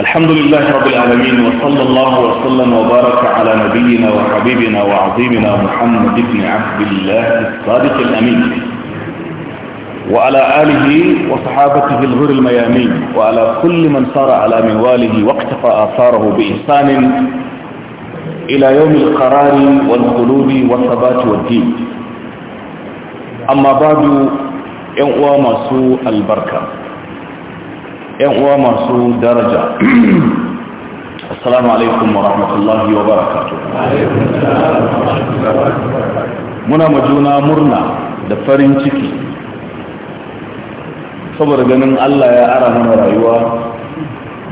الحمد لله رب العالمين وصلى الله وسلم وبارك على نبينا وحبيبنا وعظيمنا محمد بن عبد الله الصادق الأمين وعلى آله وصحابته الغر الميامين وعلى كل من صار على منواله واقتفى آثاره بإحسان إلى يوم القرار والخلود والثبات والدين amma babu yan uwa masu albarka yan uwa masu daraja assalamu alaikum wa rahmatullahi wa barakatuh muna majuna murna da farin ciki saboda ganin Allah ya ara mana rayuwa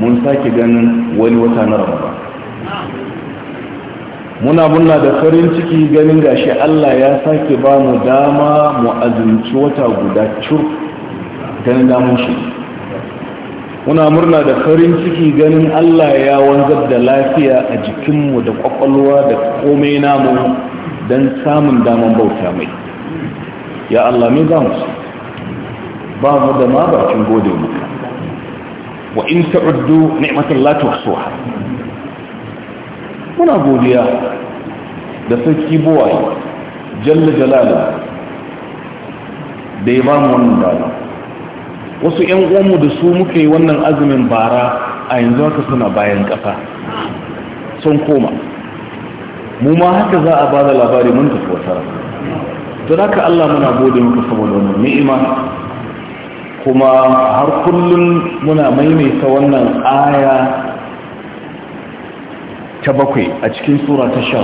mun sake ganin wani wata na ramadan muna muna da farin ciki ganin gashi Allah ya sake ba mu dama mu azumci wata guda cur ganin damun shi muna murna da farin ciki ganin Allah ya wanzar da lafiya a jikinmu da kwakwalwa da komai namu don samun daman bauta mai ya Allah mai za mu ba mu da ma bakin gode muka wa in ta'uddu ni'matallahi tuhsuha muna godiya da sarki buwaye jalla jalala da ya ba mu wannan dama wasu 'yan uwanmu da su muka yi wannan azumin bara a yanzu haka suna bayan kafa. sun koma mu ma haka za a ba da labari mun tafi wata da haka Allah muna gode muka saboda wannan ni'ima kuma har kullum muna maimaita wannan aya ta bakwai a cikin sura ta sha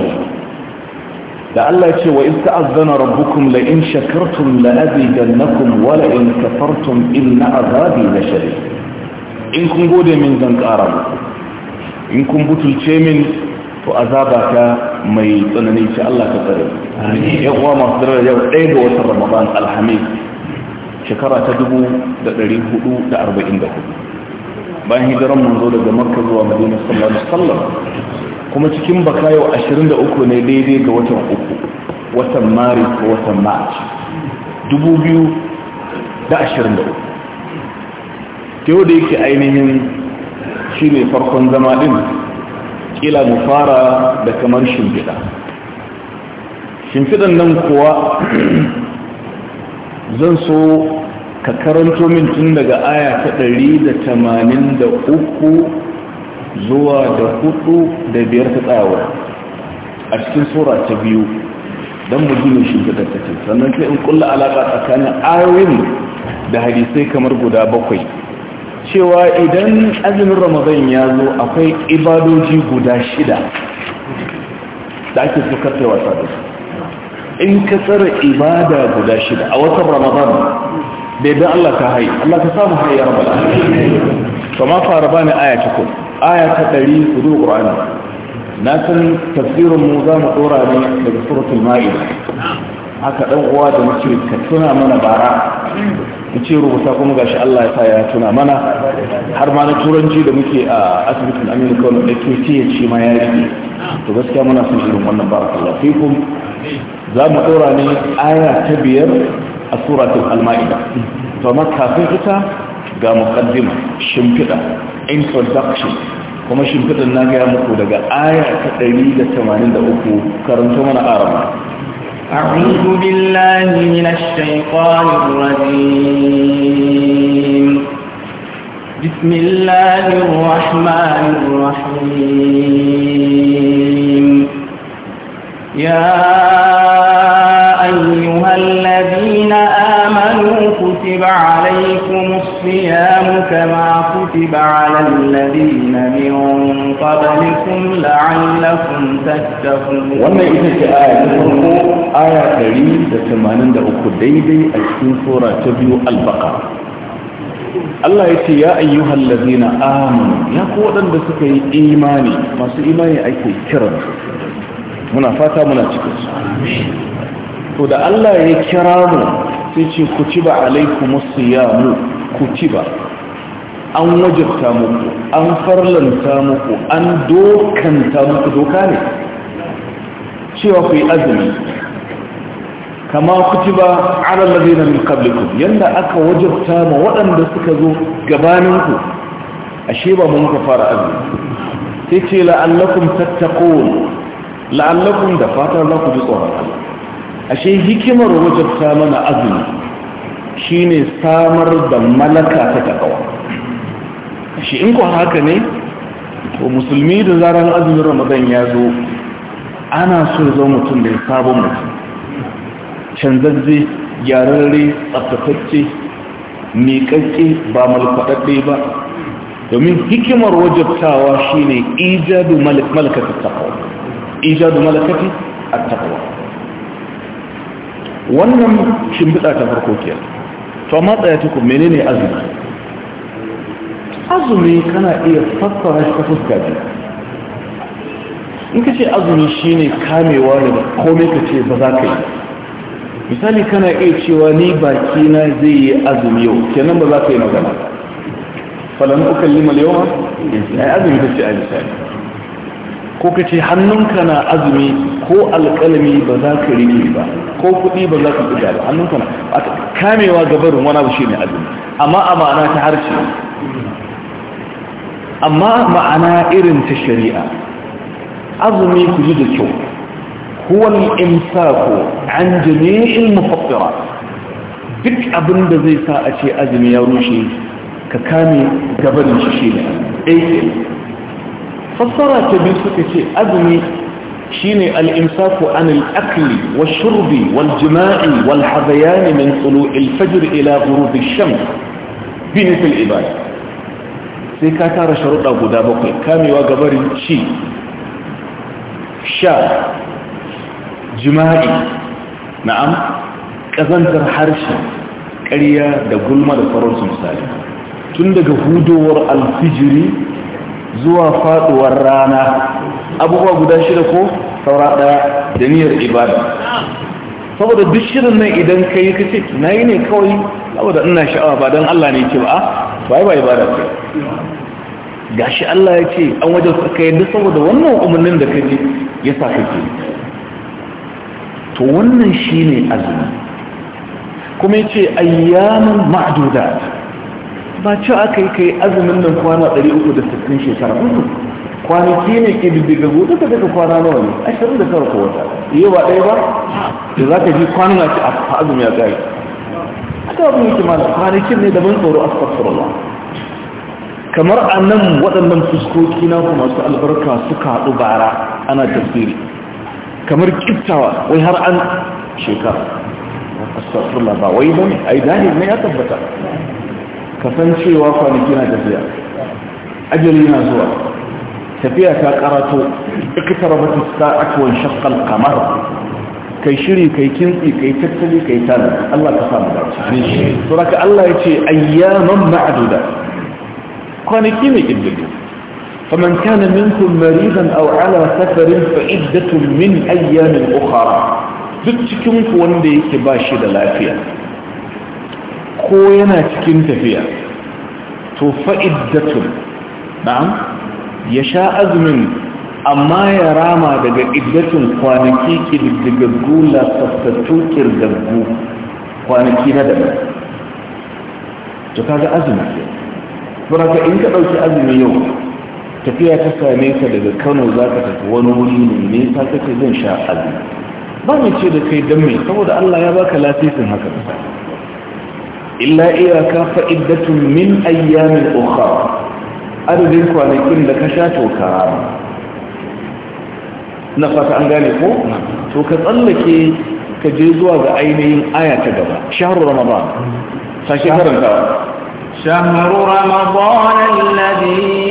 da Allah ce wa in ta'azzana rabbukum la in shakartum la azidannakum wa la in kafartum azabi na shari. in kun gode min zan ƙara muku in kun butulce min to azaba ta mai tsanani ce Allah ta tsare ya masu dara yau ɗaya da watan ramadan alhamis shekara ta 1444 bayan hijiran manzo daga makka zuwa madina sallallahu alaihi wasallam kuma cikin bakayo 23 ne daidai ga watan uku watan maris ko watan march 2023 yau da yake ainihin shi ne farkon zama din kila mu fara da kamar shimfiɗa shimfiɗan nan kuwa zan so ka karanto min tun daga aya ta 183 zuwa da hudu da 5 ta tsawa a cikin tsora ta biyu don mujimin shimfidar ta ce sannan sai in kulla alaƙa tsakanin ayoyin da hadisai kamar guda bakwai cewa idan azumin ramadan ya zo akwai ibadoji guda shida da ake sukarta wasa da in ka tsara ibada guda shida a watan ramadan da Allah ka hai Allah ka samu hai ya rabbal alamin to ma fara bani aya ta aya ta ɗari hudu qur'ani na san tafsirin mu za mu dora ne daga suratul ma'ida haka dan uwa da muke ka tuna mana bara mu ce rubuta kuma gashi Allah ya sa ya tuna mana har ma na turanci da muke a asibitin Aminu Kano da ke ce shi ma ya rike to gaskiya muna son irin wannan barakallahu fikum za mu dora ne aya ta biyar a suratul al-ma'ida to amma kafin ita ga muqaddima shimfida introduction kuma shimfidan na ga muku daga aya ta 183 karanto mana arama أعوذ بالله من الشيطان الرجيم بسم الله الرحمن الرحيم يا أيها الذين آمنوا كتب عليكم الصيام كما كتب على الذين من قبلكم لعلكم تتقون wannan ita ce aya ta farko aya 183 daidai a cikin sura ta biyu al-baqara Allah ya ce ya ayyuhal ladina amanu ya ku waɗanda suka yi imani masu imani ake kiransu muna fata muna cikin su to da Allah ya kira mu sai ce kutiba alaikumus siyamu ba. an wajabta muku an farlanta muku an dokanta muku doka ne cewa ku yi azumi kama kutiba ala ladina min qablikum yanda aka wajabta ma waɗanda suka zo gabaninku ashe ba mun ka fara azumi sai ce la'allakum tattaqun la'allakum da fatan za ku ji tsoron Allah ashe hikimar wajabta mana azumi shine samar da malaka ta takawa ashe in kuwa haka ne to musulmi da zarar azumin ramadan ya zo ana so zo mutum da sabon mutum canzazze gyararre tsaftatacce miƙaƙƙe ba malfaɗaɗɗe ba domin hikimar wajabtawa shine ijadu malakati takawa ijadu malakati wannan shimbiɗa ta farko kiyar to amma tsaya tuku menene azumi azumi kana iya fassara shi ta fuska biyu in ka ce azumi shi ne kamewa ne komai ka ce ba za ka yi misali kana iya cewa ni baki na zai yi azumi yau kenan ba za ka yi magana falon ukan lima yawa yi azumi ta ce a misali ko ka ce hannunka na azumi ko alƙalami ba za ka rike ba ko kuɗi ba za ka buga ba hannunka na kamewa gabarin wani abu shi ne azumi amma a ma'ana ta harshe amma ma'ana irin ta shari'a azumi ku ji da kyau huwan imsaku an jami'in mufassira duk abin da zai sa a ce azumi ya rushe ka kame gabarin shi shi ne fassara ta biyu suka ce azumi shine al-imsaku an al-akli wash-shurbi wal-jima'i wal-hadayan min tulu'i al ila ghurub ash-shams bi ibada sai ka tara sharuɗa guda bakwai kamewa gabarin ci sha jima'i na'am ƙazantar harshe ƙarya da gulma da faransun misali tun daga hudowar alfijiri zuwa faduwar rana abubuwa guda shida ko saura daya da niyyar ibada saboda duk shirin nan idan ka yi ka na yi ne kawai saboda ina sha'awa ba don Allah ne ce ba bai bai ibada ce gashi Allah ya ce an wajen ka yadda saboda wannan umarnin da ka ya sa ka to wannan shi ne azumi kuma ya ce ayyamin ma'adudat ba ci aka yi kai azumin nan kwana 360 shekara kwanaki ne ke diddiga gudu ta daga kwana nawa ne ashirin da sarrafa wata yi wa ɗaya ba da za ka ji kwanan a ci a azumi a tsari aka abin yake mana kwanakin ne daban tsoro a sassurwa kamar a nan waɗannan fuskoki na kuma su albarka suka haɗu bara ana tafsiri kamar kiftawa wai har an shekara a sassurwa ba wai ba ne a yi ne ya tabbata kasancewa kwanaki na tafiya ajali na zuwa tafiya ta karato ikitarabata sa'at wa shaqqal qamar kai shiri kai kintsi kai tattali kai tana Allah ka samu dace to raka Allah yace ayyaman ma'duda kwanaki ne kiddigo faman kana minkum maridan aw ala safarin fa iddatun min ayyamin ukhra duk cikin ku wanda yake ba shi da lafiya ko yana cikin tafiya to fa'iddatun na'am ya sha azumin amma ya rama daga iddatun kwanaki ƙididdigaggu lasassattun kirgaggu kwanaki na daga to kaga azumi ke buraka in ka ɗauki azumi yau tafiya ta same ka daga kano za ka tafi wani wuri ne ta kake zan sha azumi ba mai ce da kai don mai saboda allah ya baka lasisin haka misali إلا إذا كان فإدة من أيام أخرى أردنك أن يكون لك شاتو كرام نفس أن ذلك فكتل لك كجيزوا بأينين آية كبيرة شهر رمضان شهر رمضان شهر رمضان الذي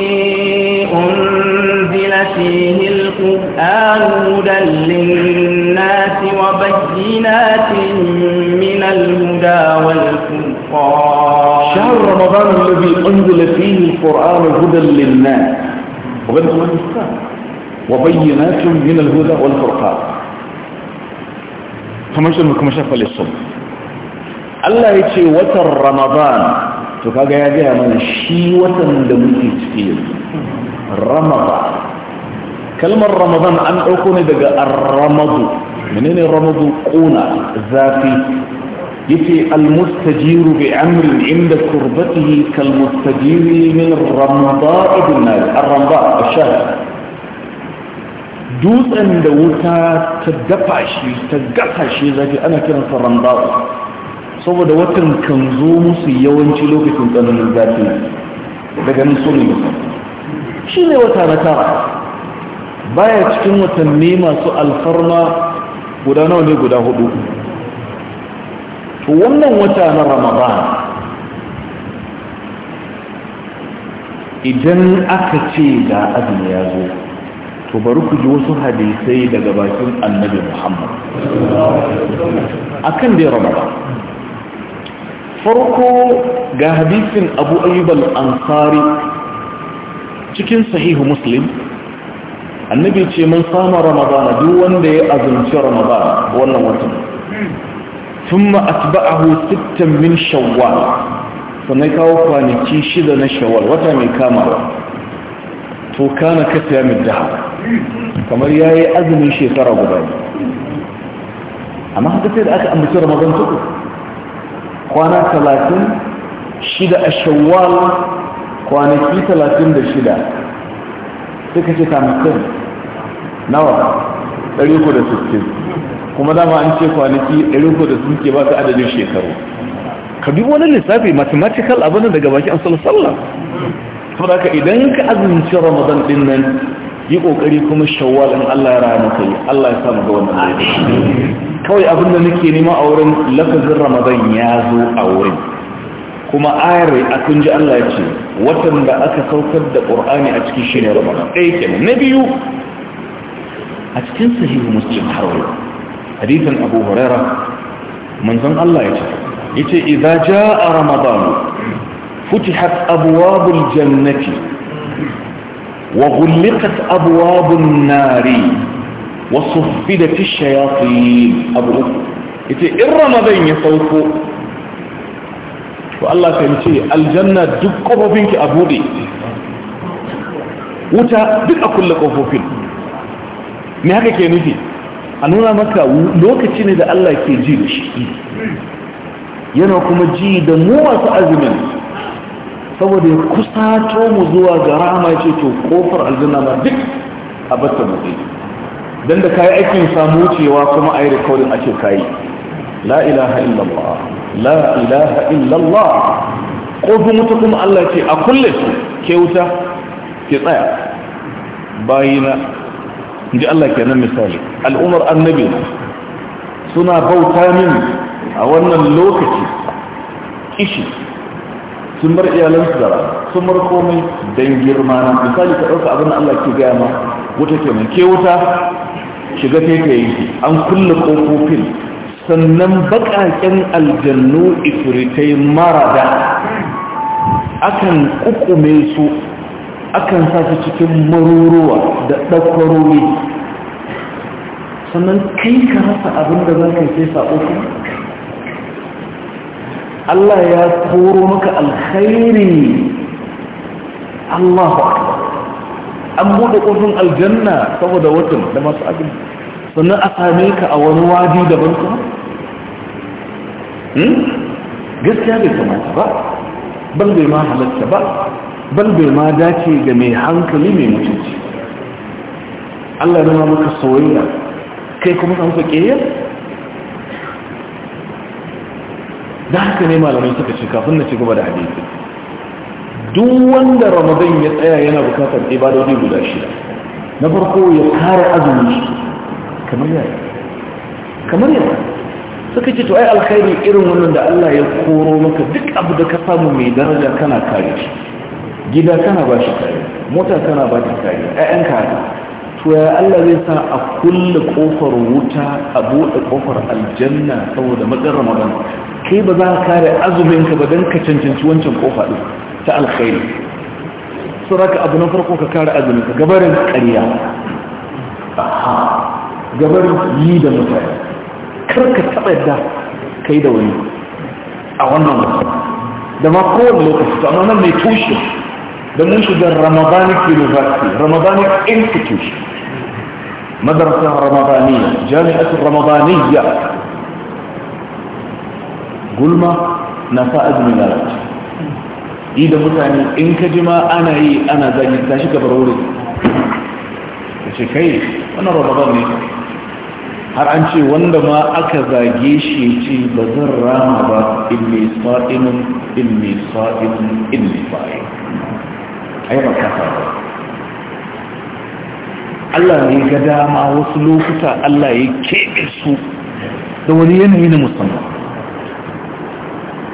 أنزل فيه القرآن هدى للناس وبينات من الهدى والكبير شهر رمضان الذي أنزل فيه القرآن هدى للناس وبينهم الإسلام وبينات من الهدى والفرقان كما يقول لكم شفا للصبح الله يتشي وتر رمضان فقال يا جهة من الشيوة دمتي تفير رمضان كلمة رمضان أن أكون دقاء الرمض من الرمض قونا ذاتي yake almustajiru bi amrin inda kurbatihi kalmustajiri min ramda'i bin nar ar-ramda ash-shahr dutsen da wuta ta dafa shi ta gasa shi zafi ana kiransa ramda'i saboda watan kan zo musu yawanci lokacin tsananin zafi daga nan sun shi ne wata na tara baya cikin watanni masu alfarma guda nawa ne guda hudu to wannan wata na ramadan idan aka ce ga azumi ya zo to bari ku ji wasu hadisai daga bakin annabi muhammad akan dai ramadan farko ga hadisin abu ayyub ansari cikin sahihu muslim annabi ce mun sama ramadan duk wanda ya azumci Ramadan wannan watan sun ma'atba'ahu sittan min shawwal sannan kawo kwanaki shida na shawwal wata mai kamawa to kana ka siya mai daha kamar ya yi azumin shekara guda amma haka sai da aka ambaci ramadan tuku kwana talatin shida a shawwal kwanaki talatin da shida suka ce kamusin nawa 360 kuma dama an ce kwanaki 300 da suke ba su adadin shekaru ka bi wani lissafi mathematical abin daga baki an sallallahu saboda ka idan ka azumci ramadan din nan yi kokari kuma shawwal in Allah ya raya maka yi Allah ya samu ga wannan lokaci kawai abin da nake nema a wurin lafazin ramadan ya zo a wurin kuma ayar a kun ji Allah ya ce watan da aka saukar da qur'ani a cikin shi ramadan ɗaya kenan na biyu a cikin sahihu muslim har hadisin abu huraira manzon Allah ya ce yace idza jaa ramadan futihat abwabul jannati wa ghulqat abwabun nari wa suffidat ash-shayatin abu yace in ramadan ya sauko to Allah kan ce aljanna duk kofofinki a bude wuta duk a kulle kofofin me haka ke nufi a nuna maka lokaci ne da Allah ke ji da shi yana kuma ji da mu masu azumin saboda ya kusato mu zuwa ga rama ce to kofar aljanna ma duk a batta mu don da kayi aikin samu cewa kuma ayi rikodin ake kai la ilaha illallah la ilaha illallah kofin wuta kuma Allah ce a kulle ke wuta ke tsaya bayina inji Allah ke nan misali al'umar annabi suna bauta min a wannan lokaci kishi sun bar iyalansu da sun bar komai don girma na misali ka ɗauka abin Allah ke gaya ma wuta kenan ke wuta shiga ke yi. an kulle kofofin. sannan baƙaƙen aljannu ifiritai marada akan kukume su akan sa su cikin maruruwa da ɗaukwarori sannan kai ka rasa abin da za ka sai saɓo Allah ya koro maka alkhairi Allahu an buɗe ƙofin aljanna saboda watan da masu abin sannan a same ka a wani wadi daban kuma hmm? gaskiya bai kamata ba ban bai ma halatta ba bal bai ma dace ga mai hankali mai mutunci Allah ya nuna maka soyayya kai kuma san fake yin da haka ne malamai suka ce kafin na ci gaba da hadisi duk wanda ramadan ya tsaya yana bukatar ibadodi guda shida na farko ya kare azumi kamar yaya kamar yaya suka ce to ai alkhairi irin wannan da Allah ya koro maka duk abu da ka samu mai daraja kana kare shi gida kana ba shi kare mota kana ba shi kare ɗayan kare to ya Allah zai sa a kulle kofar wuta a buɗe kofar aljanna saboda matsin ramadan kai ba za ka kare azumin ka ba don ka cancanci wancan kofa ɗin ta alkhairi su raka abu na farko ka kare azumin ka gabarin ƙarya gabarin yi da mutane kar ka taɓa yadda kai da wani a wannan wata. da ma kowane lokaci to amma nan mai tushe بلنش ده رمضان كيلوغاتي رمضان انتكيش مدرسة رمضانية جامعة رمضانية قل ما نفائد ملالك إيه ده متعني إنك جماعة أنا إيه أنا زي التاشيك برولي كشي كيف أنا رمضاني هل عنشي وندما أكذا جيشي جي بذر رامضة إني صائم إني صائم إني صائم ai ba ka Allah ne ga dama wasu lokuta Allah ya keɓe su da wani yanayi na musamman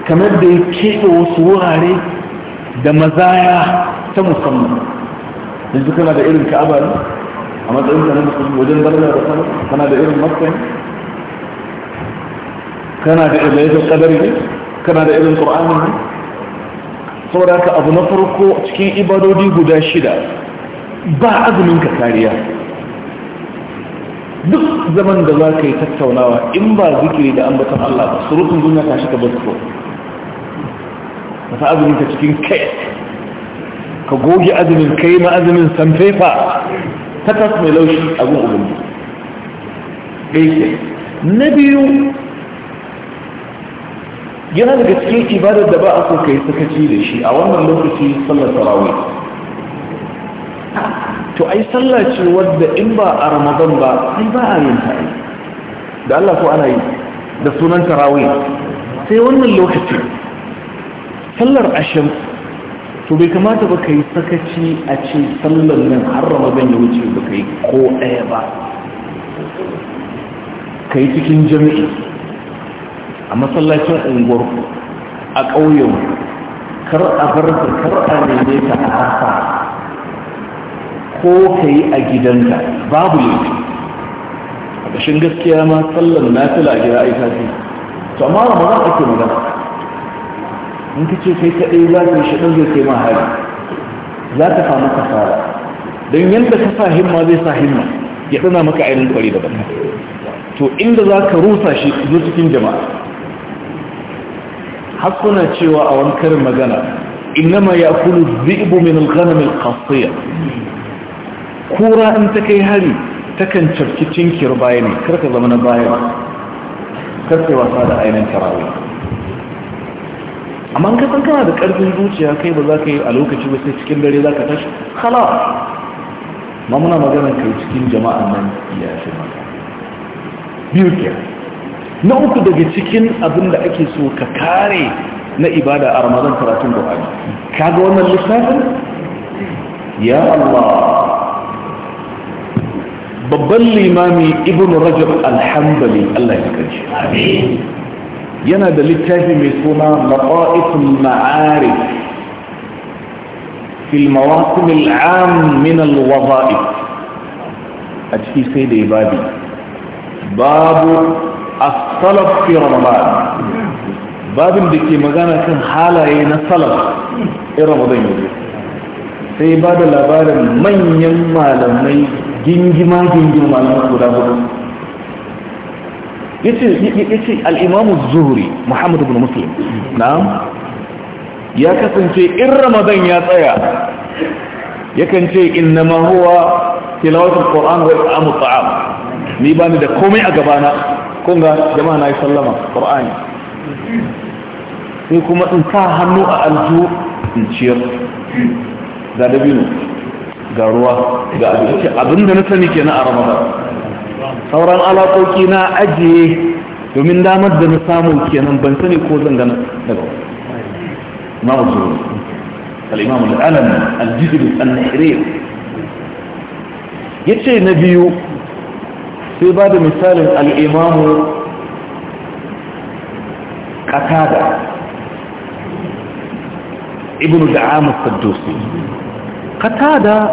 kamar da ya keɓe wasu wurare da mazaya ta musamman yanzu kana da irin ka'aba ne a matsayin ka na musulmi wajen barna da sama kana da irin matsayin kana da irin laifin kadari kana da irin ƙur'ani saboda haka abu na farko cikin ibadodi guda shida ba azumin ka kariya duk zaman da za ka yi tattaunawa in ba zikiri da ambatan Allah ba surutun duniya ta shiga basko sa azumin ka cikin kai ka goge azumin kai ma azumin sanfefa ta tas mai laushi abin ubangiji ɗaya na biyu yana daga cikin ibadar da ba a so kai sakaci da shi a wannan lokaci sallar tarawih to ai sallah ce wadda in ba a ramadan ba sai ba a yin ta da Allah ko ana yi da sunan tarawih sai wannan lokaci sallar ashin to bai kamata ba kai sakaci a ce sallar nan har ramadan ya wuce ba kai ko ɗaya ba kai cikin jami'i a masallacin unguwar a ƙauyen kar a barka kar a neme ta a hasa ko ka yi a gidanka babu yi a ƙashin gaskiya ma sallan na fila a gida aika ce to amma ramadan ake magana in ka ce kai kaɗai za ka yi shaɗin zai kai ma hari za ka samu kasara don yadda ka sa himma zai sa himma ya tsana maka ainihin kwari da ba to inda za ka rusa shi zo cikin jama'a Hakuna cewa a wani karin magana innama ya kulu zibu min alghanamin khasiyya kura in ta kai hari takan cafki cinkiyar baya ne karka zama na baya karfe wasa da ainihin tarawi amma ka san kana da karfin zuciya kai ba za ka yi a lokaci ba sai cikin dare za ka tashi hala ma muna magana kai cikin jama'an nan ya shi maka biyu kenan na uku daga cikin abin da ake so ka kare na ibada a ramadan karatun buhari kaga wannan lissafin ya Allah babban limami ibn rajab alhambali Allah ya kaji yana da littafi mai suna maqaifun ma'arif fil mawasim al'am min al-wada'if a ciki sai da babi babu as salaf fi ramadan babin da ke magana kan halaye na salaf in ramadan yanzu sai ba da labarin manyan malamai gingima gingin malamai guda hudu yace al'imamu zuhuri muhammadu bin muslim na ya kasance in ramadan ya tsaya yakan ce inna ma huwa tilawatul qur'an wa ta'amu ta'am ni bani da komai a gabana kunga jama'a na yi sallama ƙur'ani sai kuma in sa hannu a aljihu in ciyar ga dabino ga ruwa ga abinci abinda na sani kenan a ramadan sauran alaƙoƙi na ajiye domin damar da na samu kenan ban sani ko zan gana daga imamu zuwa al'imamu da al-jibril an ya ce na biyu في بعض مثال الإمام قتادة ابن دعام الصدوسي قتادة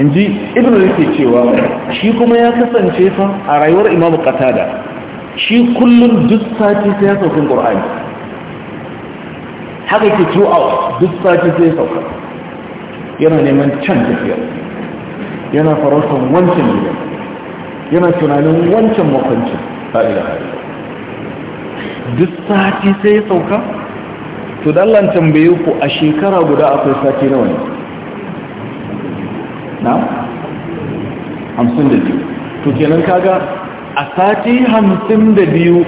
انجي ابن ريسي تشيوا شي كما يكسا انشيفا ارايور امام قتادة شي كل جد ساتي سياسة في القرآن حقيقة ترو او جد ساتي سياسة ينا نيمان تشان تفير ينا فروسهم وانشان تفير yana tunanin wancan makwancin la ilaha duk sati sai ya sauka to dallan tambaye ku a shekara guda akwai sati nawa ne na biyu. to kenan kaga a sati hamsin da biyu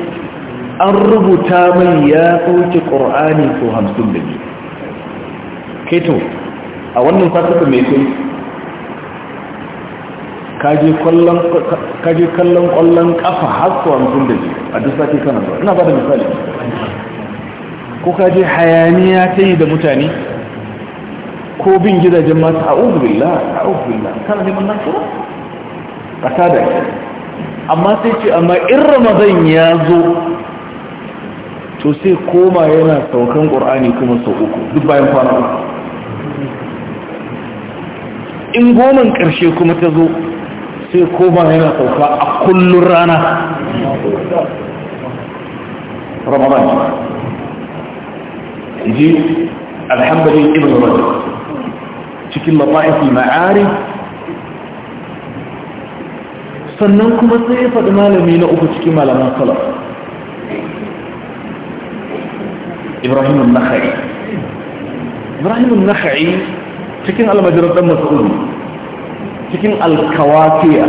an rubuta mai ya tsoki ƙor'ani ko hamsin da 52 keto a wannan sati mai kai kaje kallon kwallon kallon kafa har su hamsin da biyu a duk sati kana zuwa ina ba da misali ko kaje hayaniya ta yi da mutane ko bin gidajen masu a'udhu A a'udhu billah kana neman nasara kasa da amma sai ce amma in ramadan ya zo to sai koma yana saukan ƙorani kuma sau uku duk bayan kwanan in goman ƙarshe kuma ta zo sai koma yana sauka a kullun rana ramadan ji alhamdulillah ibn rajab cikin mafa'ifin ma'ari sannan kuma sai ya faɗi malami na uku cikin malaman salaf ibrahim al-nakhai ibrahim al-nakhai cikin almajirar dan mas'ud cikin alkawafiya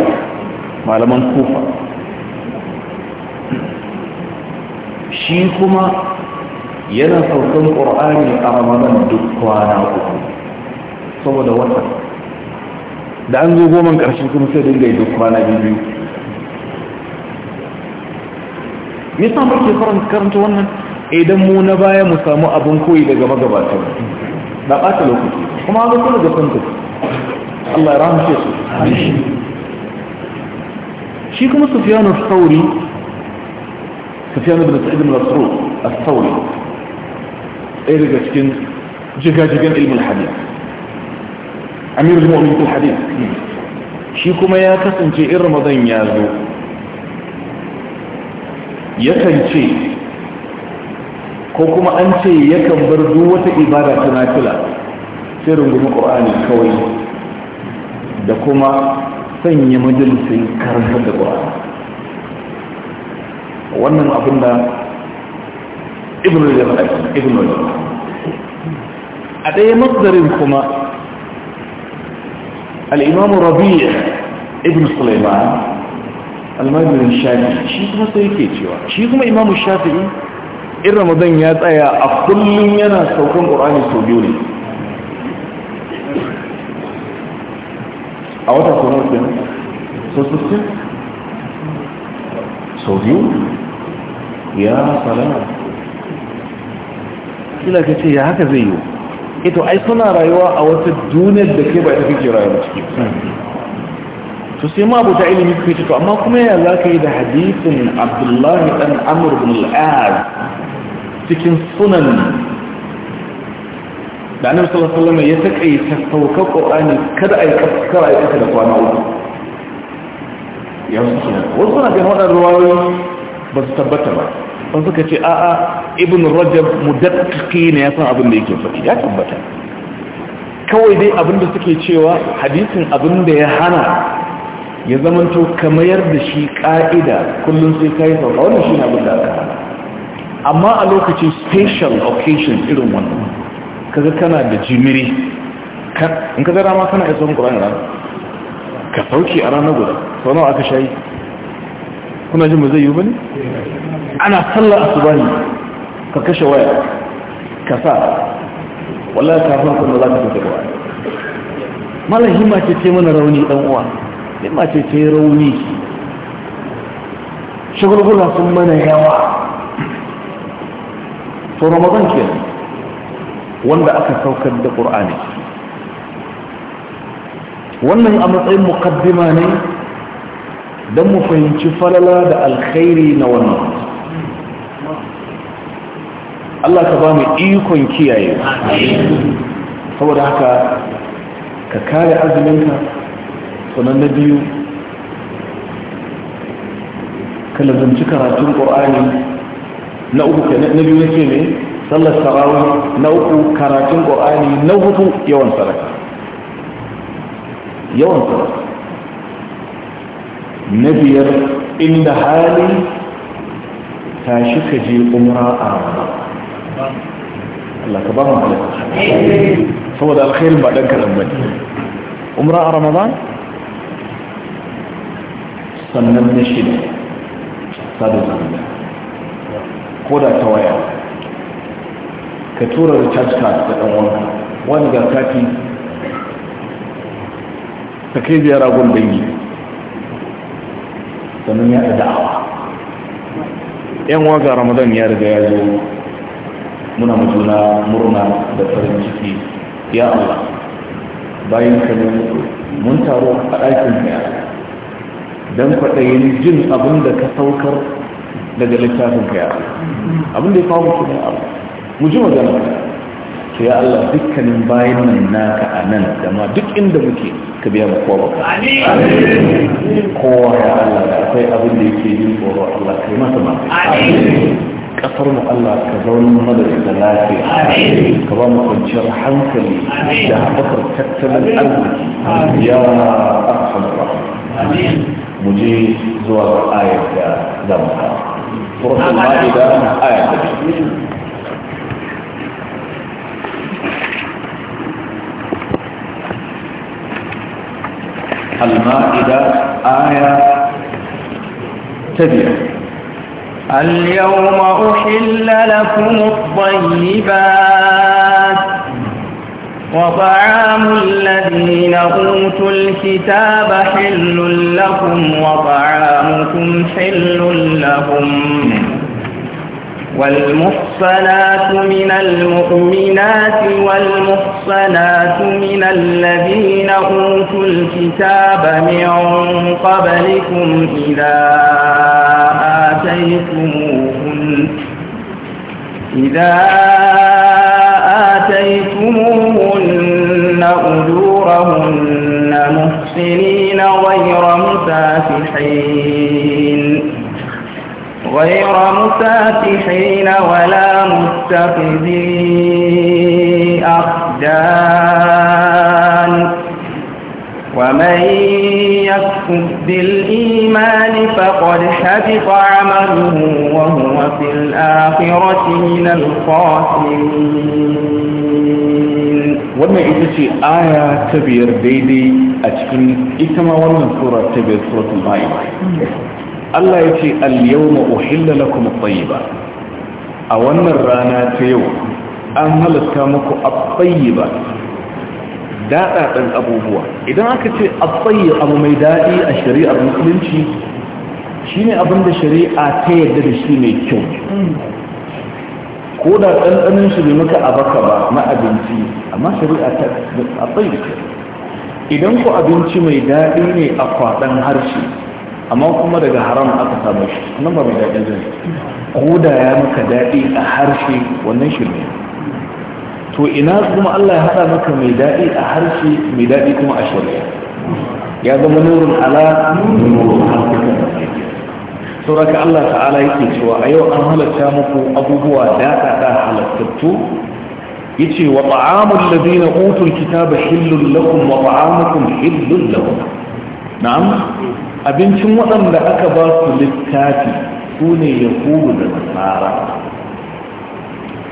malaman kufa shi kuma yana saukan ƙor'ani a ramadan duk kwana uku saboda wata da an zo goma ƙarshen kuma sai dinga yi duk kwana biyu me yasa muke karanta wannan idan mu na baya mu samu abin koyi daga magabatan da ɓata lokaci kuma haka kuma da fanta Allah ya rahmace su shi kuma Sufyan al-Thawri Sufyan ibn Sa'id al-Masruq al-Thawri ɗaya daga cikin jigajigan ilmin hadith Amir al-Mu'min fil hadith shi kuma ya kasance in Ramadan ya zo yakan ce ko kuma an ce yakan bar duk wata ibada ta nafila sai rungumi Qur'ani kawai da kuma sanya majalisun karantar da ƙwararra wannan abin da ibn al a ɗaya mazarin kuma al-imam rabi' ibn sulaiman al Shafi. shi kuma sai ke cewa shi kuma imam Shafi in ramadan ya tsaya a kullum yana saukan ƙur'ani sau biyu ne a wata sau nawa kenan so sussu so biyu ya salama kila ka ce ya haka zai yi ito eh ai suna rayuwa a wata duniyar da ke ba ita kake rayuwa ciki to sai ma abu ta ilimi suke ce amma kuma ya za ka yi da hadisin abdullahi dan amur bin al'ad cikin sunan da annabi sallallahu alaihi wasallam ya takaita sauka qur'ani kada ai kaskara ai kasa da kwana uku shi kenan wasu na ganin wadannan ruwayi ba su tabbata ba sun suka ce a'a ibn rajab mudaddiqi ne ya san abin da yake faɗi ya tabbata kawai dai abin da suke cewa hadisin abin da ya hana ya zamanto kamar da shi ka'ida kullum sai kai sauka wannan shi ne abin da aka hana amma a lokacin special occasion irin wannan kaga kana da jimiri in ka zara ma kana isa wani ƙura'in rana ka sauki a ranar guda sau nawa aka shayi kuna jin ba zai yi ba ne ana a asubahi ka kashe waya ka sa wallah ka fa kuma za ka fi ba malar himma ce ce mana rauni dan uwa himma ce ce rauni shagulgula sun mana yawa to ramadan kenan wanda aka saukar da ƙur'ani wannan a matsayin mukaddima ne don mu fahimci falala da alkhairi na wannan Allah ka ba mu ikon kiyaye saboda haka ka kare azuminka sannan na biyu ka lazanci karatun ƙur'ani na uku na biyu ce ne sallar tarawih na uku karatun qur'ani na hudu yawan sadaka yawan sadaka na biyar inda hali tashi ka je umra a ramadan Allah ka ba mu alaihi saboda alkhairin ba dan kadan ba umra a ramadan sannan na shida sadu zamanda ko da ta waya ka tura recharge card da ɗan wani wani ga kati ka kai biya ragon dangi sannan ya da da'awa yan waga ramadan ya riga ya zo muna mutuna murna da farin ciki ya Allah bayan ka ne mun taro a ɗakin ya don kwaɗayin jin abin da ka saukar daga littafin ka ya abin da ya faru su ne Allah mu ji magana to ya Allah dukkanin bayan nan naka a nan da ma duk inda muke ka biya mu kowa ka kowa ya Allah da akwai abin da yake yin tsoro Allah kai masa ma kasar mu Allah ka zauna mana da lafiya ka ba mu kwanciyar hankali da haɓakar tattalin arziki ya arhamar rahim mu je zuwa ga ayar da zamu fara. Surah Al-Ma'idah ayar da المائدة آية تبيع اليوم أحل لكم الطيبات وطعام الذين أوتوا الكتاب حل لكم وطعامكم حل لهم والمحصنات من المؤمنات والمحصنات من الذين أوتوا الكتاب من قبلكم إذا آتيتموهن إذا آتيتموهن أجورهن محسنين غير مسافحين غير مسافحين ولا متخذي أخدان ومن يكفر بالإيمان فقد حبط عمله وهو في الآخرة من الخاسرين wannan ita ce aya ta biyar daidai a cikin ita ma wannan sura ta biyar suratul ma'idah Allah ya ce al-yawma uhilla lakum at-tayyiba a wannan rana ta yau an halatta muku at-tayyiba daɗaɗen abubuwa idan aka ce atsayi abu mai daɗi a shari'ar musulunci shi ne abinda shari'a ta yadda da shi mai kyau ko da ɗanɗanin shi ne muka abaka ba na abinci amma shari'a ta atsayi da idan ku abinci mai daɗi ne a kwaɗan harshe amma kuma daga haram aka samu shi nan ba mai daɗi zai ko da ya maka daɗi a harshe wannan ne. to ina kuma Allah ya haɗa maka mai daɗi a harshe mai daɗi kuma a shirya ya zama nurin ala sauraka Allah ta'ala yake cewa a yau an halatta muku abubuwa da da halattattu yace wa ta'amul ladina utul kitaba hillul lakum wa ta'amukum hillul lahum na'am abincin waɗanda aka ba su littafi su ne ya yahudu da nasara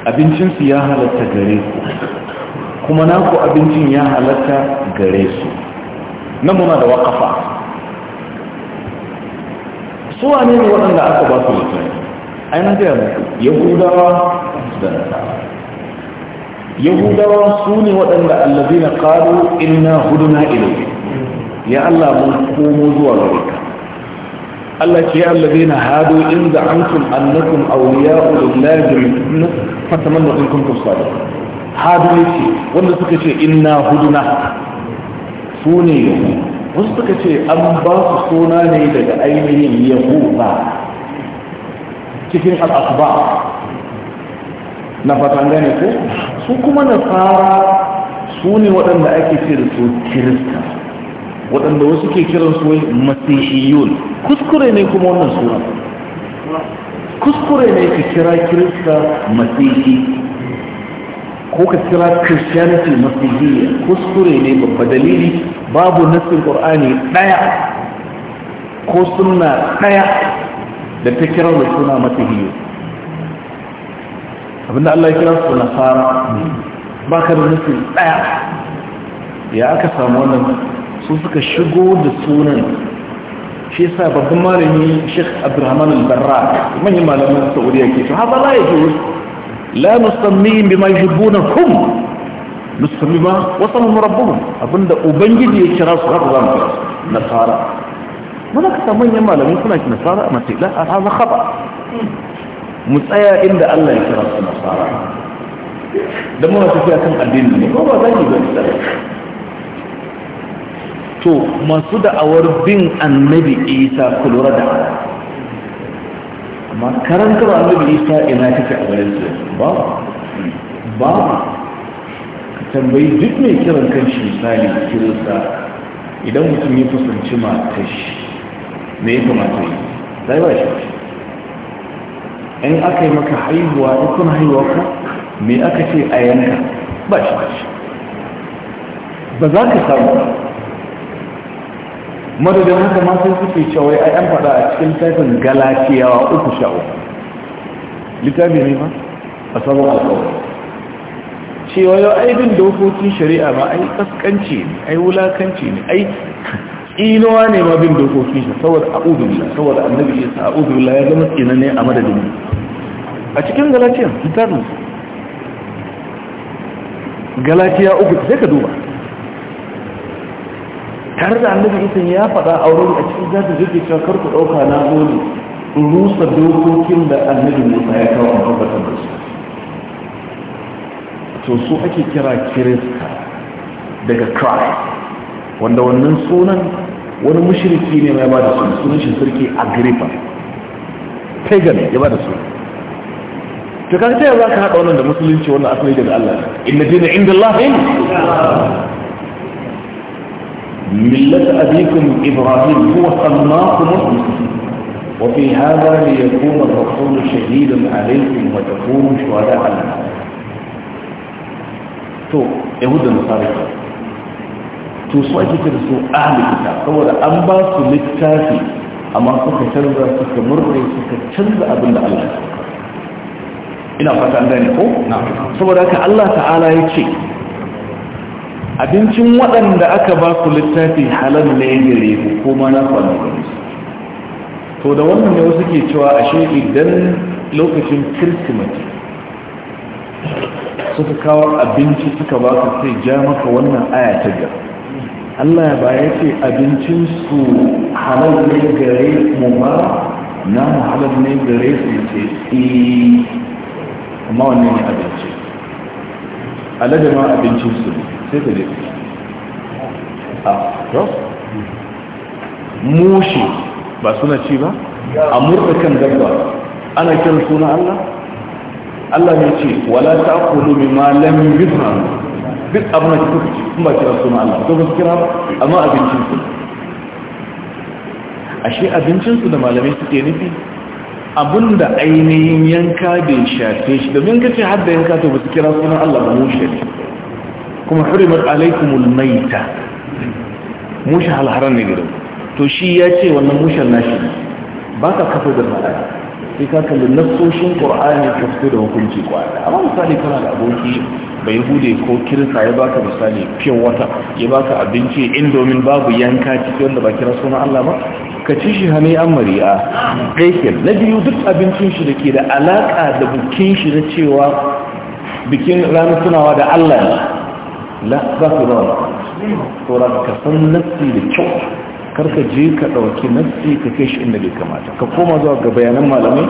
abincinsu ya halatta gare su kuma naku abincin ya halatta gare su na muna da waƙafa su wane ne waɗanda aka ba su littafi ainihin gaya muku yahudawa da nasara yahudawa su ne waɗanda allazi na ƙaru inna huduna ilai ya Allah mun komo zuwa gare ka Allah ce ya allazina hadu in za'antum annakum awliya'u lillahi min dun fatamannu in kuntum sadiqin hadu ce wanda suka ce inna huduna su ne yahu wasu suka ce an ba su suna ne daga ainihin yahuda cikin al'asba na fatan gane ko su kuma na fara su ne waɗanda ake ce da su kirista waɗanda wasu ke kiran su wai masihiyun kuskure ne kuma wannan suna kuskure ne ka kira kirista masihi ko ka kira christianity masihiyya kuskure ne babba dalili babu nassin qur'ani ɗaya ko suna ɗaya da ta kira da suna masihiyyu abinda Allah ya kira su nasara ba ka da nassin ɗaya ya aka samu wannan su suka shigo da sunan shi yasa babban malami Sheikh abdurrahman al-Barra manyan malaman Saudiya ke to haba la yajuz la nusammihim bima hum nusammi ma wasan rabbuhum abinda ubangiji ya kira su haka zamu na nasara mun ka samu manyan malamai suna kina nasara amma sai la haza khata mu tsaya inda Allah ya kira su nasara dan muna tafi akan addini ne ko ba zai yi ba to masu da'awar bin annabi isa kulura da amma karantar annabi isa ina take a wurin su ba ba ka tambayi duk mai kiran kan shi misali kirista idan mutum ya kusanci mata shi me ya kamata yi zai ba shi in aka yi maka haihuwa in kuna haihuwa ka me aka ce a yanka ba shi ba za ka samu madadin haka ma sai suke cewa ai an faɗa a cikin tafin galatiyawa uku sha uku littafi ne ma a sabon alƙawar cewa yau aibin dokokin shari'a ma ai kaskanci ne ai wulakanci ne ai inuwa ne ma bin dokokin shi saboda a'udhu saboda annabi isa a'udhu billah ya zama ne a madadin a cikin galatiya littafin galatiya uku sai ka duba tare da annabi isa ya faɗa a a cikin zata jirgin cewa karku ku ɗauka na gode in rusa dokokin da annabi musa ya kawo a tabbatar da su to su ake kira kirista daga kraf wanda wannan sunan wani mushriki ne mai ba da sunan sunan shi sarki agripa pagan ya ba da sunan to kan ta za ka haɗa wannan da musulunci wannan asali daga allah inna dina inda allah ne ملة أبيكم إبراهيم هو صناق وفي هذا ليكون الرسول شهيدا عليكم وتكونوا شهداء لنا تو يهود النصارى تو سواجي ترسو أهل الكتاب فولا أنبا سلتاتي أما سكة تلغى سكة مرة سكة تلغى أبن الله إنا فتاة عندنا نعم فولاك الله تعالى يتشيك abincin waɗanda aka ba ku littafi halal ne gare ku kuma na kwanu su, to da wannan ne wasu ke cewa a ashe idan lokacin kirsimati suka kawo abinci suka ba su sai ja maka wannan aya ta ga Allah ya ba ya ce abincinsu halal ne gare mu ba na halal ne gare su ce tsi eh. amma wannan ne abinci alade ma abincinsu ne sai ta a mushi ba suna ci ba a murda kan dabba ana kyan suna Allah Allah ne ce wala ta kudu mai malami yuzhar duk abin da kuka ci kuma ba kira suna Allah to ba kira amma abincinsu. ashe abincinsu da malamai suke nufi abinda ainihin yanka da shafe shi domin ce har da yanka to ba su kira suna Allah ba mushi ne. kuma hurimat alaikumul maita mushe halharar ne gidan to shi ya ce wannan mushen nashi ba ka kafa da malaya sai ka kalli soshin ƙwar'ani ka fito da hukunci ƙwada amma misali kana da aboki bai hude ko kirsa ya baka misali fiye wata ya baka abinci indomin babu yanka ciki wanda ba kira suna Allah ba ka ci shi hane an mari'a ɗaikin na biyu duk abincin shi da ke da alaƙa da bukin shi na cewa bikin ranar tunawa da Allah ne la za su zama da ka san nassi da kyau karka je ka ɗauki nassi ka kai shi inda bai kamata ka koma zuwa ga bayanan malamai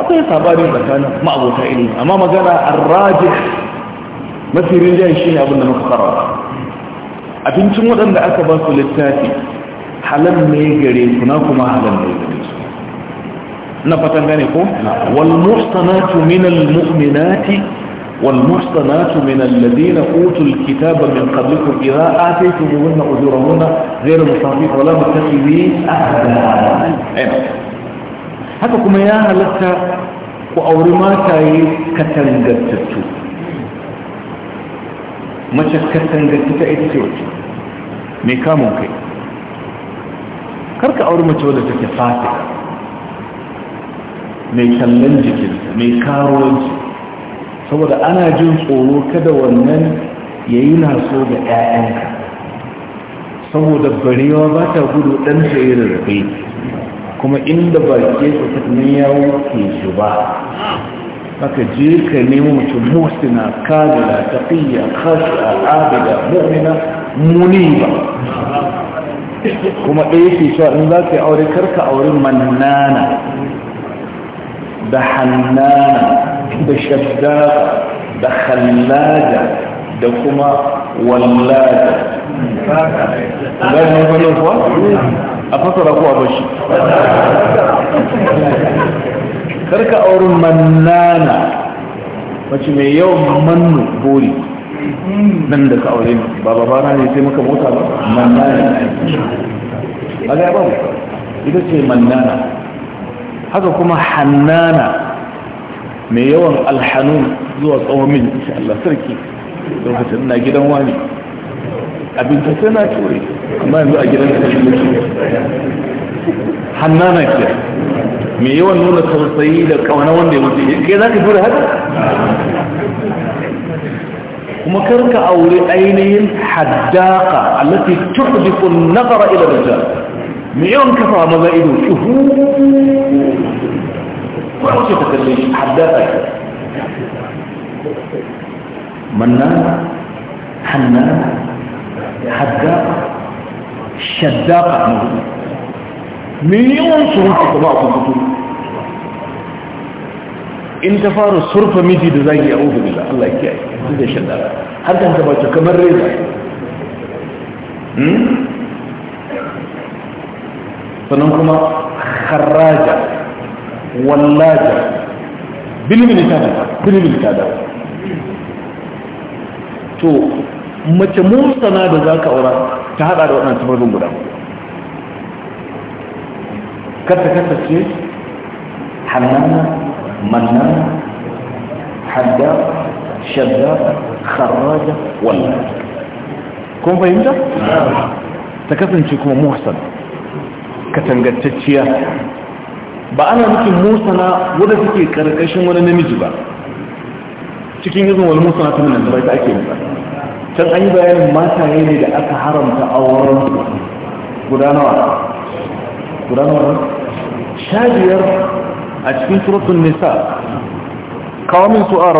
akwai sabani tsakanin ma'abota ilimi amma magana arraji mafi rinjaye shi ne abin da muka fara abincin waɗanda aka ba su littafi halal ne gare ku na kuma halal ne gare su na fatan gane ko wal muhsanatu minal mu'minati والمحصنات من الذين أوتوا الكتاب من قبلكم إذا اتيتموهن اجورهن غير مصابين ولا متخذين أهدا أيوة. هذا كما يا لك وأورماك كتنجتت. ما كتنجدت إتيوت ميكا ممكن karka aure mace wadda take fata mai kallon jikinta mai saboda ana jin tsoro kada wannan ya yi naso ga 'ya'yanka saboda barewa ba ta gudu ɗan ya da kuma inda ba ke tsakanin yawo ke shi ba aka je ka nemo mutum musina kadila tafiya kashi al'adada mu'mina muni ba kuma ɗaya ke cewa in za ka yi aure karka aure mannana da hannana بشداقة بخلاجة دكما ولاجة لازم يقول لك أفضل أقوى بشي كرك أور منانا مثل يوم من بوري من دك أورين بابا بابا أنا يسمى كموتا منانا هذا يا بابا إذا سي منانا هذا كما حنانا mai yawan alhanun zuwa tsawon min insha Allah sarki lokacin na gidan wani abinci sai na ture amma yanzu a gidan da shi hannana ke mai yawan nuna tausayi da kawana wanda ya wuce kai za ka tura haka kuma karka aure ainihin haddaka allati tuhdiqu an-nazara ila rijal mai yawan kafa maza ido shuhu وحشتك اللي منا حنا حداق شداق مليون صروف تباطل بطول انت فارو صرف ميتي دزاي اعوذ بالله الله يكيئ هذا شداق هل انت باتو كمان ريضا فنمكما خراجة wallaja bilimin ta da bilimin ta da to mace musana da za ka aura ta hada da waɗannan tabarbin guda kata kata ce hannana mannana hadda shadda kharraja wallaja kun fahimta ta kasance kuma Ka katangantacciya ba ana nufin musana wadda suke karkashin wani namiji ba cikin izin wani musana ta nan da bai ta ake nufa can an yi bayanin mataye ne da aka haramta a wurin guda nawa Shajiyar sha biyar a cikin suratun nisa kawo min su a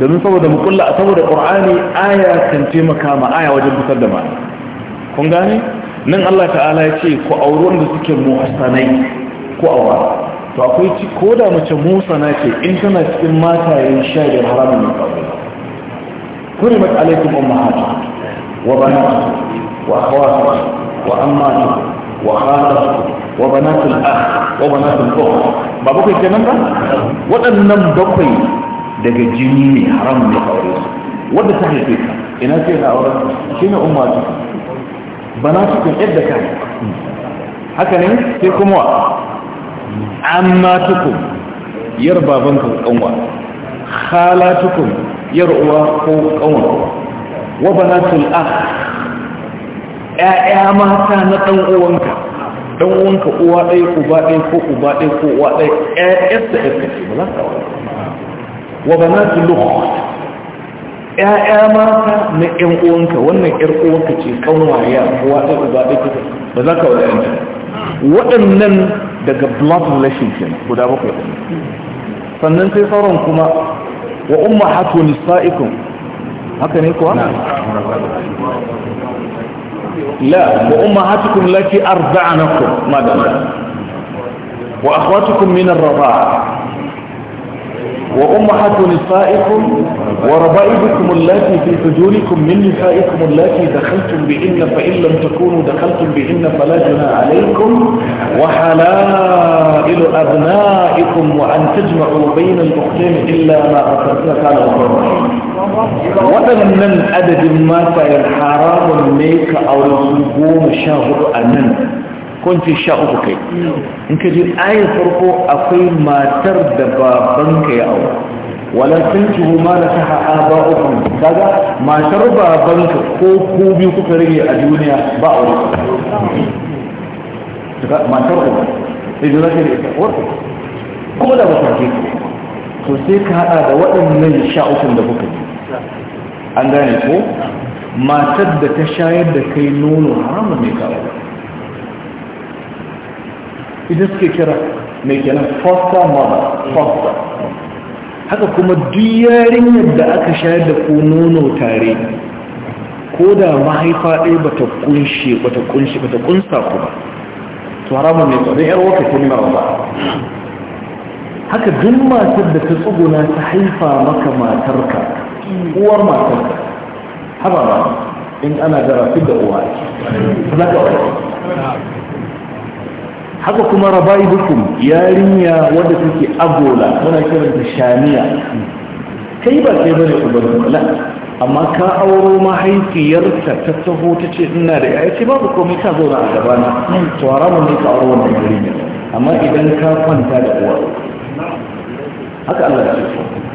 Da domin saboda mukulla a saboda ƙur'ani aya kan taimaka ma aya wajen fitar da ma kun gane nan Allah ta'ala ya ce ku auri wanda suke muhassanai ko awa to akwai ci ko da mace musa na ce in tana cikin matayen sha biyar haramun ne kawai kuri mata alaikum umma hajji wa bana wa su. wa an mata wa khalatu wa su a wa su ko ba bakwai kenan ba waɗannan bakwai daga jini ne haramun ne kawai wanda ta haife ka ina ce na umma shine ummatu banatu kan yadda ka haka ne sai kuma ammatukum yar babanka kanwa Khalatukun, yar uwa ko kanwa wa banatul akh ƴaƴa mata na dan uwanka dan uwanka uwa ɗaya uba ɗaya ko uba ɗaya ko uwa ɗaya ƴaƴar da ƴaƴar ce ba za ka wa wa banatul ukh ƴaƴa mata na ƴan uwanka wannan ƴar uwanka ce kanwa ya uwa ɗaya uba ɗaya ba za ka wa waɗannan daga blood relation kenan guda bakwai sannan sai sauran kuma wa umma hatu nisa'ikum haka ne kuwa la wa umma hatukum lati arda'anakum madalla wa akhwatukum min ar-rida'a وأمحة نسائكم وربائبكم التي في فجوركم من نسائكم التي دخلتم بهن فإن لم تكونوا دخلتم بهن فلا جنى عليكم وحلائل أبنائكم وأن تجمعوا بين الأختين إلا ما أخذنا كان waɗannan وأن من yin ما ne ka aure su goma sha hudu kunci sha uku kai in ka ji ayin farko akwai matar da babanka ya aure wala tunkihu ma la taha aba'ukum kaga matar babanka ko ku biyu kuka rage a duniya ba aure daga matar ku sai jira ce da ita wato ko da ba take to sai ka hada da waɗannan sha uku da kuka yi an gane ko matar da ta shayar da kai nono haramun ne ka aure ita suke kira mai kenan foster mother foster haka kuma duk yadda aka shayar da ku nono tare ko da mahaifa ɗaya ba ta kunshe ba ta kunshe ba ta kunsa ku ba to haramun ne ba don yar wata kuma ba haka duk matar da ta tsuguna ta haifa maka matarka uwar matarka haba ba in ana gara fi da uwa za ka wani haka kuma rabaibukum yarinya wadda take agola muna kiranta shaniya kai ba sai bane ubangi la amma ka auro mahaifiyarta ta taho ta ce ina da 'ya'ya ce babu komai ka zauna a gabana to haramun ne ka auro wannan yarinya amma idan ka kwanta da uwa haka Allah ya ce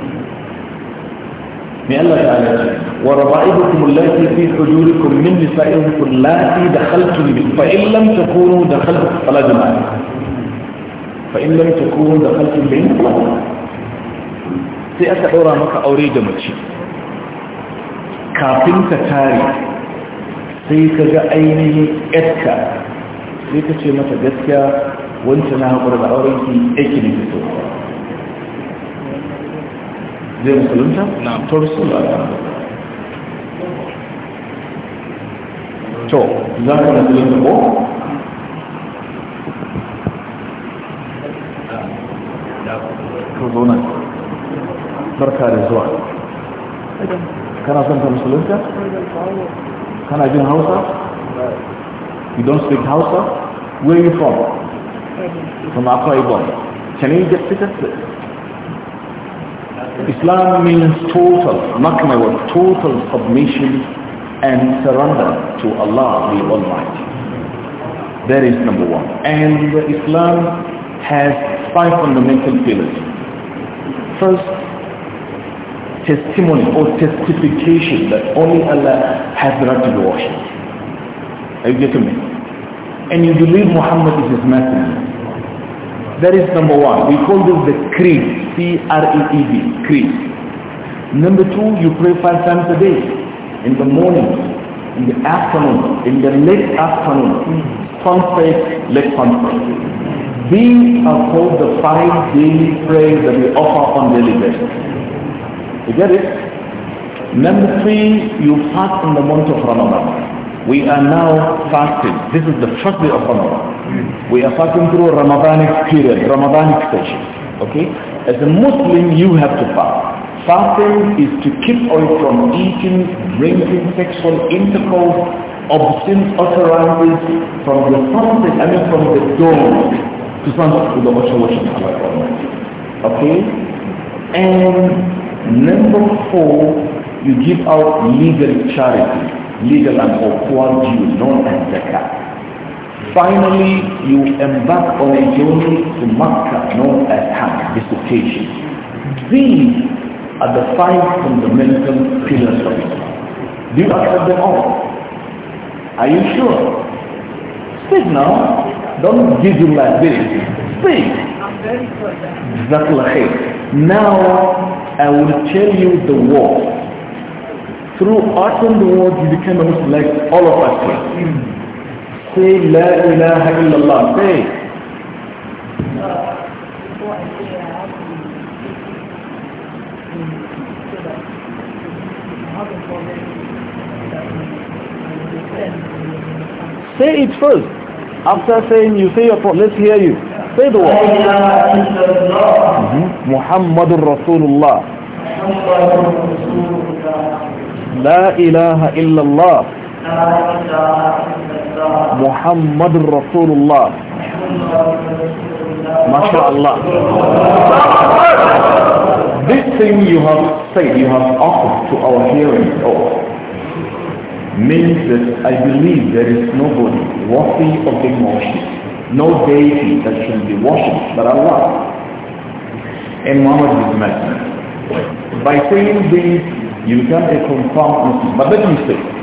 mai Allah ta'ala ce wa raba'ibukum allati fi hujurikum min nisa'ikum allati dakhaltum bi fa in lam takunu dakhaltum fala jama'a in sai aka ɗora maka aure da mace kafin ka tare sai ka ga ainihin yarka sai ka ce mata gaskiya wancan na haƙura da aurenki yake ne zai musulunta? na to bismillah to za ka na musulunta ko? ka zo nan barka da zuwa kana son ka musulunta? kana jin hausa? you don't speak hausa? where you from? from Akwa Can you get tickets? Islam means total, mark my word, total submission and surrender to Allah the Almighty. That is number one. And Islam has five fundamental pillars. First, testimony or testification that only Allah has the right to be worshipped. Are you getting me? And you believe Muhammad is his messenger. That is number one. We call this the creed C-R-E-E-D, creed. Number two, you pray five times a day, in the morning, in the afternoon, in the late afternoon, sunset, late sunset. These are called the five daily prayers that we offer on daily basis. You get it? Number three, you fast in the month of Ramadan. We are now fasting. This is the first day of Ramadan. We are fasting through Ramadanic period, Ramadanic session. Okay? As a Muslim, you have to fast. Fasting is to keep away from eating, drinking, sexual intercourse, obscene utterances, from the sunset, I mean from the dawn to sunset to the ocean worship of Allah. Okay? And number four, you give out legal charity, legal and or you non and zakat. Finally, you embark on a journey to Makkah known as Hajj, this occasion. These are the five fundamental pillars of Islam. Do you accept them all? Are you sure? Speak now. Don't give him like this. Speak. Now I will tell you the word. Through uttering the word you become a Muslim like all of us here. say la ilaha illallah say say it first after saying you say your prayer let's hear you say the word Muhammadur Rasulullah La ilaha illallah محمد رسول الله ما شاء الله this thing you have said you have offered to our hearing oh, means that I believe there is nobody worthy of being worshipped no deity that should be worshipped but Allah and Muhammad is Messenger by saying this you become a confirmed Muslim but let me say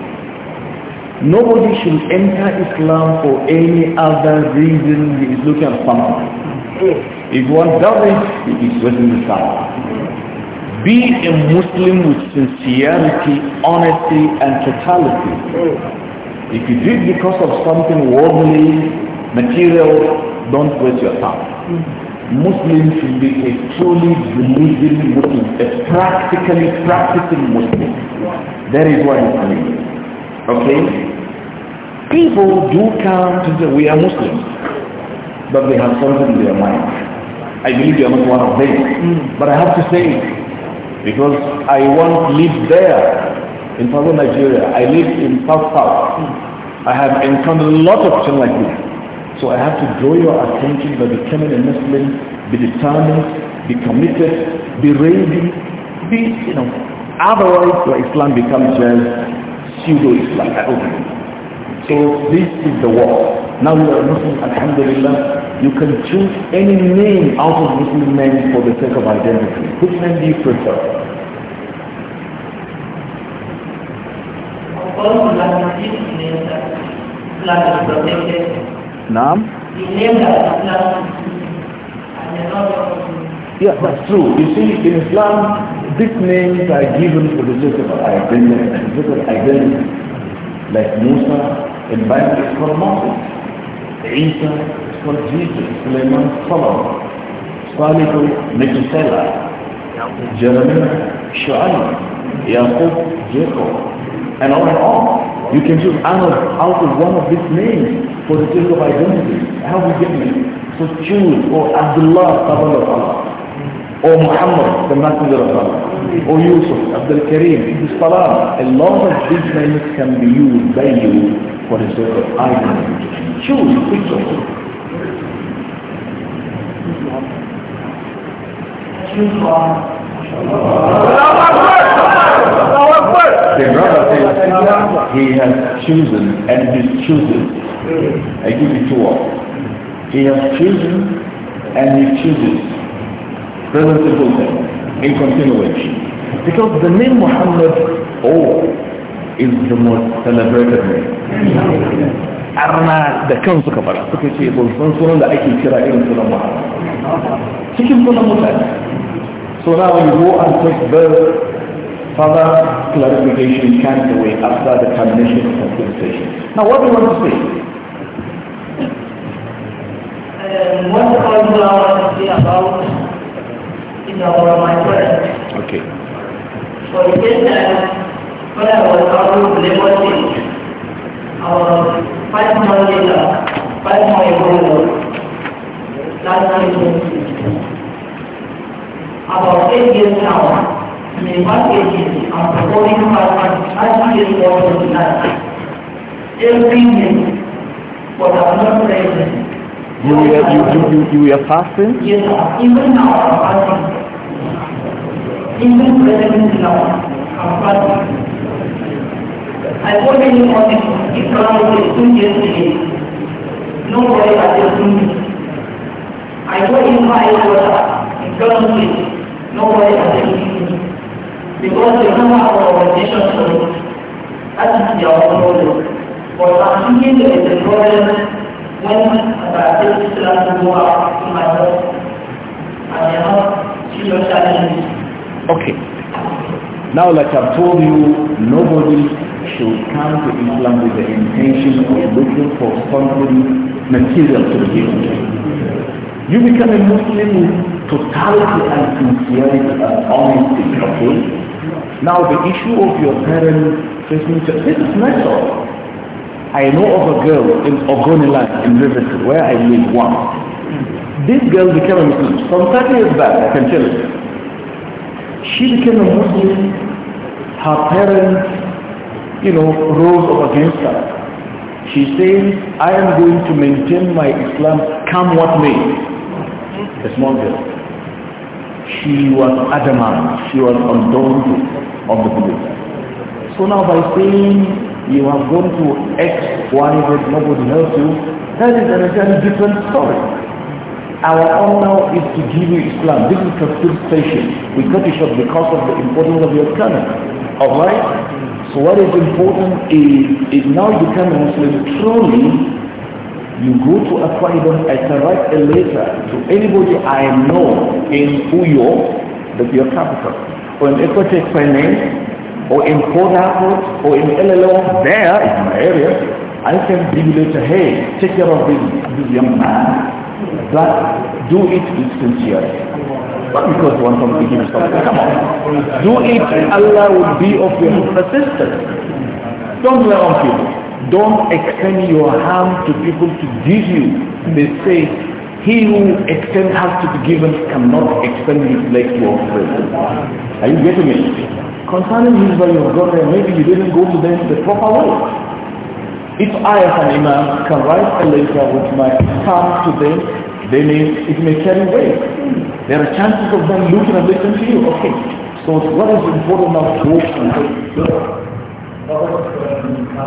Nobody should enter Islam for any other reason he is looking at something. If one does it, he is wasting his time. Be a Muslim with sincerity, honesty, and totality. If you do it because of something worldly, material, don't waste your time. Muslims should be a truly believing Muslim, a practically practicing Muslim. That is what is needed. Okay? People do come we are Muslims, but they have something in their mind. I believe you are not one of them, mm. but I have to say it because I once lived there in southern Nigeria. I live in South South. Hmm. I have encountered a lot of things like this. So I have to draw your attention by becoming a Muslim, be determined, be committed, be ready, be, you know, otherwise your Islam becomes just pseudo-Islam at all. So this is the war. Now you are Muslim, Alhamdulillah, you can choose any name out of Muslim names for the sake of identity. Which name do you prefer? Naam? Yeah, that's true. You see, in Islam, these names are given for the sake of identity, the of identity. Like Musa, and Bible is for Moses. Isa is for Jesus. Suleiman, Solomon. Salihu, Methuselah. Jeremiah, Shu'aib. Yaqub, Jacob. And on and on. You can choose out of one of these names for the sake of identity. How we get it? So choose for Abdullah, Sabbath of Allah or Muhammad, the Messenger of Allah, or Yusuf, Abdul Karim, Salam. A lot of these names can be used by you for the sake of identity. Choose, pick choice. Choose one. The brother says he has chosen and he's chosen. I give you two words. He has chosen and he chooses. Present In continuation. Because the name Muhammad, oh, is the most celebrated name. Arna da kansu ka suka ce ban sunan da ake kira irin sunan Muhammad. Cikin sunan mutane. So now we go and take the further clarification can away after the termination of presentation. Now what do you want to say? Um, what for my Okay. So he said that when I was out of liberty, was five months later, five months ago, last night, about eight years now, in the past eight years, I'm performing my months, five years worth of Every minute, but I'm not You were, you, you, you, you were fasting? Yes, sir. Even now I'm fasting even present now, I told you on the Islam is today. Nobody has me. I told him why I was currently nobody has me. Because of organizations for it, that is their problem. But I'm thinking there is a problem when I take Islam to go out to myself. And they are not serious challenges. Okay. Now like I've told you, nobody should come to Islam with the intention of looking for something material to give. You become a Muslim with totality and sincerity and honesty, okay? Now the issue of your parents facing this is natural. I know of a girl in Ogoniland in Riverside where I live once. This girl became a Muslim some 30 years back, I can tell you she became a Muslim, her parents, you know, rose up against her. She says, I am going to maintain my Islam, come what may. A small girl. She was adamant. She was undaunted of the belief. So now by saying you have gone to X, Y, Z, nobody helps you, that is an entirely different story. Our honor is to give you Islam. This is station. We cut you short because of the importance of your coming. Alright? So what is important is, is now you become a Muslim truly, you go to acquire them. I can write a letter to anybody I know in Uyo, that your capital, or in Equatex Finance, or in Port Harcourt, or in LLO, there in my area, I can give you letter, hey, take care of this, this young man but do it with sincerity. Not because you want something to give something. Come on. Do it Allah would be of your assistance. Don't rely on people. Don't extend your harm to people to give you. They say, he who extends has to be given cannot extend his leg to a prison. Are you getting it? Concerning his value of God, maybe you didn't go to them the proper way. If I as an imam can write a letter which might come to them, they may, it may carry weight. There are chances of them looking and listening to you. Okay. So what is important now to work on?